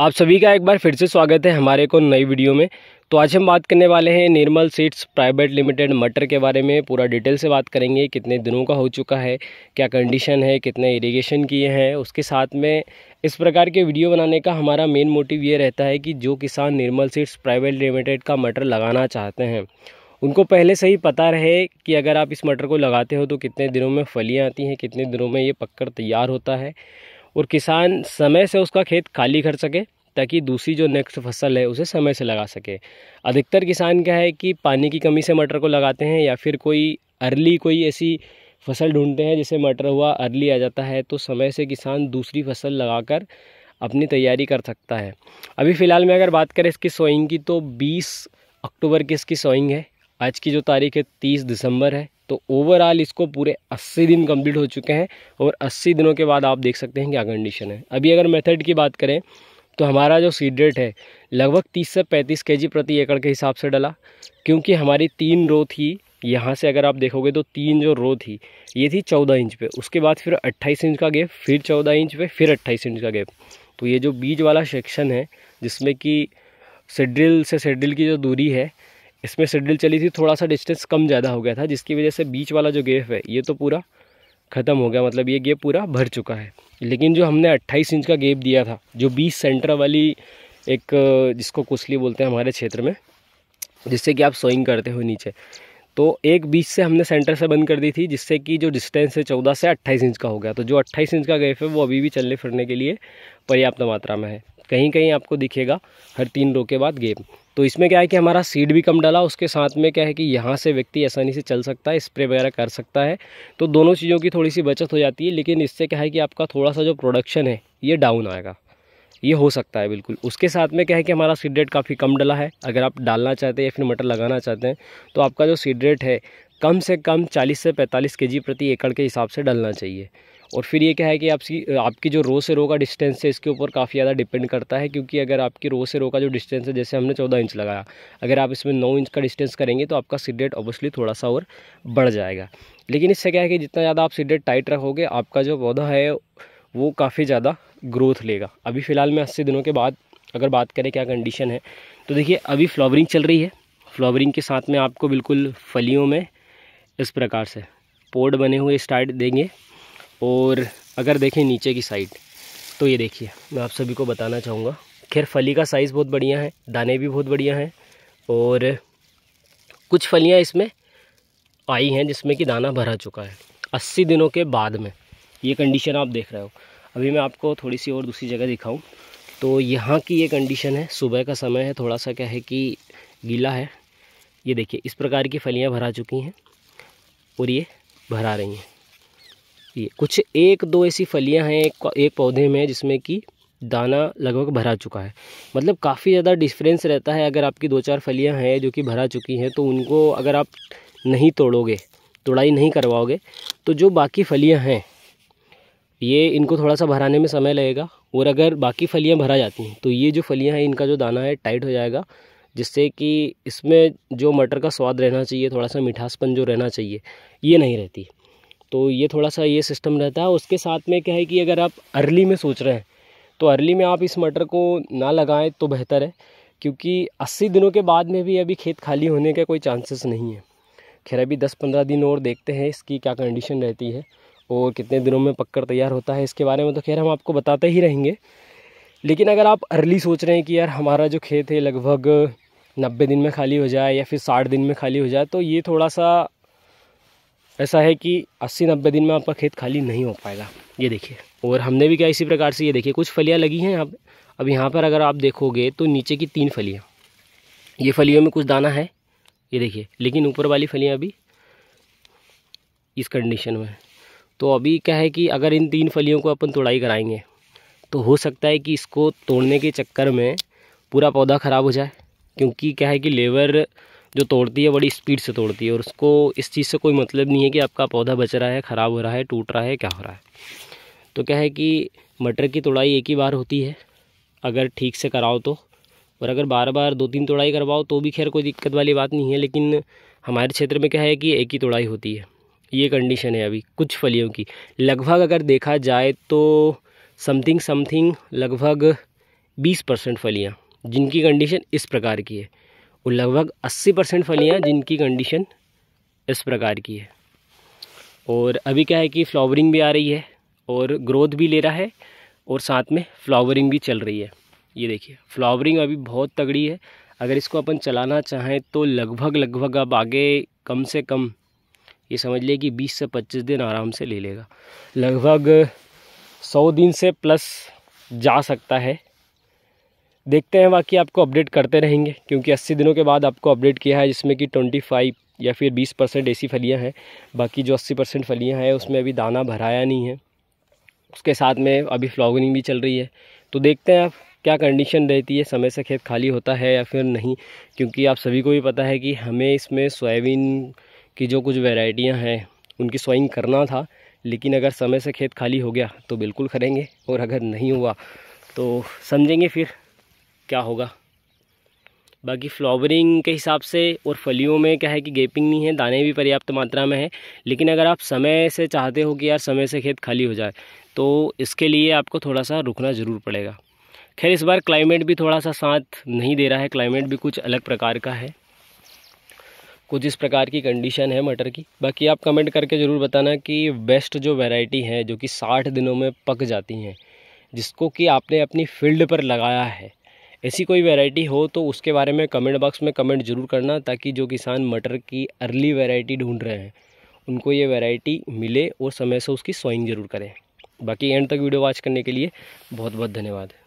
आप सभी का एक बार फिर से स्वागत है हमारे को नई वीडियो में तो आज हम बात करने वाले हैं निर्मल सीड्स प्राइवेट लिमिटेड मटर के बारे में पूरा डिटेल से बात करेंगे कितने दिनों का हो चुका है क्या कंडीशन है कितने इरिगेशन किए हैं उसके साथ में इस प्रकार के वीडियो बनाने का हमारा मेन मोटिव ये रहता है कि जो किसान निर्मल सीड्स प्राइवेट लिमिटेड का मटर लगाना चाहते हैं उनको पहले से ही पता रहे कि अगर आप इस मटर को लगाते हो तो कितने दिनों में फलियाँ आती हैं कितने दिनों में ये पककर तैयार होता है और किसान समय से उसका खेत खाली कर सके ताकि दूसरी जो नेक्स्ट फसल है उसे समय से लगा सके अधिकतर किसान क्या है कि पानी की कमी से मटर को लगाते हैं या फिर कोई अर्ली कोई ऐसी फसल ढूंढते हैं जैसे मटर हुआ अर्ली आ जाता है तो समय से किसान दूसरी फसल लगाकर अपनी तैयारी कर सकता है अभी फ़िलहाल में अगर बात करें इसकी सोइंग की तो 20 अक्टूबर की इसकी सोइंग है आज की जो तारीख है 30 दिसंबर है तो ओवरऑल इसको पूरे 80 दिन कंप्लीट हो चुके हैं और 80 दिनों के बाद आप देख सकते हैं क्या कंडीशन है अभी अगर मेथड की बात करें तो हमारा जो सीड रेट है लगभग 30 से 35 केजी प्रति एकड़ के हिसाब से डला क्योंकि हमारी तीन रो थी यहाँ से अगर आप देखोगे तो तीन जो रो थी ये थी चौदह इंच पे उसके बाद फिर अट्ठाईस इंच का गैप फिर चौदह इंच पे फिर अट्ठाईस इंच का गैप तो ये जो बीज वाला सेक्शन है जिसमें कि सेड्रिल से सेड्रिल की जो दूरी है इसमें सिडिल चली थी थोड़ा सा डिस्टेंस कम ज़्यादा हो गया था जिसकी वजह से बीच वाला जो गेप है ये तो पूरा ख़त्म हो गया मतलब ये गेप पूरा भर चुका है लेकिन जो हमने 28 इंच का गेप दिया था जो बीच सेंटर वाली एक जिसको कुसली बोलते हैं हमारे क्षेत्र में जिससे कि आप सोइंग करते हो नीचे तो एक बीच से हमने सेंटर से बंद कर दी थी जिससे कि जो डिस्टेंस है चौदह से अट्ठाईस इंच का हो गया तो जो अट्ठाईस इंच का गेप है वो अभी भी चलने फिरने के लिए पर्याप्त मात्रा में है कहीं कहीं आपको दिखेगा हर तीन रो के बाद गेप तो इसमें क्या है कि हमारा सीड भी कम डला उसके साथ में क्या है कि यहाँ से व्यक्ति आसानी से चल सकता है स्प्रे वगैरह कर सकता है तो दोनों चीज़ों की थोड़ी सी बचत हो जाती है लेकिन इससे क्या है कि आपका थोड़ा सा जो प्रोडक्शन है ये डाउन आएगा ये हो सकता है बिल्कुल उसके साथ में क्या है कि हमारा सीड रेट काफ़ी कम डला है अगर आप डालना चाहते हैं या फिर मटर लगाना चाहते हैं तो आपका जो सीड रेट है कम से कम 40 से 45 केजी प्रति एकड़ के हिसाब से डलना चाहिए और फिर ये क्या है कि आपकी आपकी जो रो से रो का डिस्टेंस है इसके ऊपर काफ़ी ज़्यादा डिपेंड करता है क्योंकि अगर आपकी रो से रो का जो डिस्टेंस है जैसे हमने चौदह इंच लगाया अगर आप इसमें नौ इंच का डिस्टेंस करेंगे तो आपका सीडेट ऑब्वियसली थोड़ा सा और बढ़ जाएगा लेकिन इससे क्या है कि जितना ज़्यादा आप सीडेट टाइट रखोगे आपका जो पौधा है वो काफ़ी ज़्यादा ग्रोथ लेगा अभी फ़िलहाल में अस्सी दिनों के बाद अगर बात करें क्या कंडीशन है तो देखिए अभी फ्लावरिंग चल रही है फ्लावरिंग के साथ में आपको बिल्कुल फलियों में इस प्रकार से पोड बने हुए स्टार्ट देंगे और अगर देखें नीचे की साइड तो ये देखिए मैं आप सभी को बताना चाहूँगा खैर फली का साइज़ बहुत बढ़िया है दाने भी बहुत बढ़िया हैं और कुछ फलियाँ इसमें आई हैं जिसमें कि दाना भरा चुका है अस्सी दिनों के बाद में ये कंडीशन आप देख रहे हो अभी मैं आपको थोड़ी सी और दूसरी जगह दिखाऊं तो यहाँ की ये कंडीशन है सुबह का समय है थोड़ा सा क्या है कि गीला है ये देखिए इस प्रकार की फलियाँ भरा चुकी हैं और ये भरा रही हैं ये कुछ एक दो ऐसी फलियां हैं एक, एक पौधे में जिसमें कि दाना लगभग भरा चुका है मतलब काफ़ी ज़्यादा डिफरेंस रहता है अगर आपकी दो चार फलियां हैं जो कि भरा चुकी हैं तो उनको अगर आप नहीं तोड़ोगे तोड़ाई नहीं करवाओगे तो जो बाकी फलियां हैं ये इनको थोड़ा सा भराने में समय लगेगा और अगर बाकी फलियाँ भरा जाती हैं तो ये जो फलियाँ हैं इनका जो दाना है टाइट हो जाएगा जिससे कि इसमें जो मटर का स्वाद रहना चाहिए थोड़ा सा मिठासपन जो रहना चाहिए ये नहीं रहती तो ये थोड़ा सा ये सिस्टम रहता है उसके साथ में क्या है कि अगर आप अर्ली में सोच रहे हैं तो अर्ली में आप इस मटर को ना लगाएं तो बेहतर है क्योंकि अस्सी दिनों के बाद में भी अभी खेत खाली होने का कोई चांसेस नहीं है खैर अभी दस पंद्रह दिन और देखते हैं इसकी क्या कंडीशन रहती है और कितने दिनों में पककर तैयार होता है इसके बारे में तो खैर हम आपको बताते ही रहेंगे लेकिन अगर आप अर्ली सोच रहे हैं कि यार हमारा जो खेत है लगभग नब्बे दिन में खाली हो जाए या फिर साठ दिन में खाली हो जाए तो ये थोड़ा सा ऐसा है कि अस्सी नब्बे दिन में आपका खेत खाली नहीं हो पाएगा ये देखिए और हमने भी क्या इसी प्रकार से ये देखिए कुछ फलियाँ लगी हैं अब अब यहाँ पर अगर आप देखोगे तो नीचे की तीन फलियाँ ये फलियों में कुछ दाना है ये देखिए लेकिन ऊपर वाली फलियाँ अभी इस कंडीशन में तो अभी क्या है कि अगर इन तीन फलियों को अपन तोड़ाई कराएंगे तो हो सकता है कि इसको तोड़ने के चक्कर में पूरा पौधा ख़राब हो जाए क्योंकि क्या है कि लेबर जो तोड़ती है बड़ी स्पीड से तोड़ती है और उसको इस चीज़ से कोई मतलब नहीं है कि आपका पौधा बच रहा है ख़राब हो रहा है टूट रहा है क्या हो रहा है तो क्या है कि मटर की तोड़ाई एक ही बार होती है अगर ठीक से कराओ तो और अगर बार बार दो तीन तोड़ाई करवाओ तो भी खैर कोई दिक्कत वाली बात नहीं है लेकिन हमारे क्षेत्र में क्या है कि एक ही तोड़ाई होती है ये कंडीशन है अभी कुछ फलियों की लगभग अगर देखा जाए तो समथिंग समथिंग लगभग बीस परसेंट फलियाँ जिनकी कंडीशन इस प्रकार की है और लगभग 80 परसेंट फलियाँ जिनकी कंडीशन इस प्रकार की है और अभी क्या है कि फ्लावरिंग भी आ रही है और ग्रोथ भी ले रहा है और साथ में फ्लावरिंग भी चल रही है ये देखिए फ्लावरिंग अभी बहुत तगड़ी है अगर इसको अपन चलाना चाहें तो लगभग लगभग अब आगे कम से कम ये समझ लिए कि 20 से 25 दिन आराम से ले लेगा लगभग 100 दिन से प्लस जा सकता है देखते हैं बाकी आपको अपडेट करते रहेंगे क्योंकि 80 दिनों के बाद आपको अपडेट किया है जिसमें कि 25 या फिर 20 परसेंट ऐसी फलियाँ हैं बाकी जो 80 परसेंट फलियाँ हैं उसमें अभी दाना भराया नहीं है उसके साथ में अभी फ्लॉगनिंग भी चल रही है तो देखते हैं आप क्या कंडीशन रहती है समय से खेत खाली होता है या फिर नहीं क्योंकि आप सभी को भी पता है कि हमें इसमें सोयाबीन की जो कुछ वेराइटियाँ हैं उनकी सोइंग करना था लेकिन अगर समय से खेत खाली हो गया तो बिल्कुल करेंगे और अगर नहीं हुआ तो समझेंगे फिर क्या होगा बाकी फ्लावरिंग के हिसाब से और फलियों में क्या है कि गेपिंग नहीं है दाने भी पर्याप्त मात्रा में है लेकिन अगर आप समय से चाहते हो कि यार समय से खेत खाली हो जाए तो इसके लिए आपको थोड़ा सा रुकना ज़रूर पड़ेगा खैर इस बार क्लाइमेट भी थोड़ा सा साथ नहीं दे रहा है क्लाइमेट भी कुछ अलग प्रकार का है कुछ इस प्रकार की कंडीशन है मटर की बाकी आप कमेंट करके ज़रूर बताना कि बेस्ट जो वेराइटी है जो कि साठ दिनों में पक जाती हैं जिसको कि आपने अपनी फील्ड पर लगाया है ऐसी कोई वैरायटी हो तो उसके बारे में कमेंट बॉक्स में कमेंट ज़रूर करना ताकि जो किसान मटर की अर्ली वैरायटी ढूंढ रहे हैं उनको ये वैरायटी मिले और समय से उसकी सोइंग ज़रूर करें बाकी एंड तक वीडियो वॉच करने के लिए बहुत बहुत धन्यवाद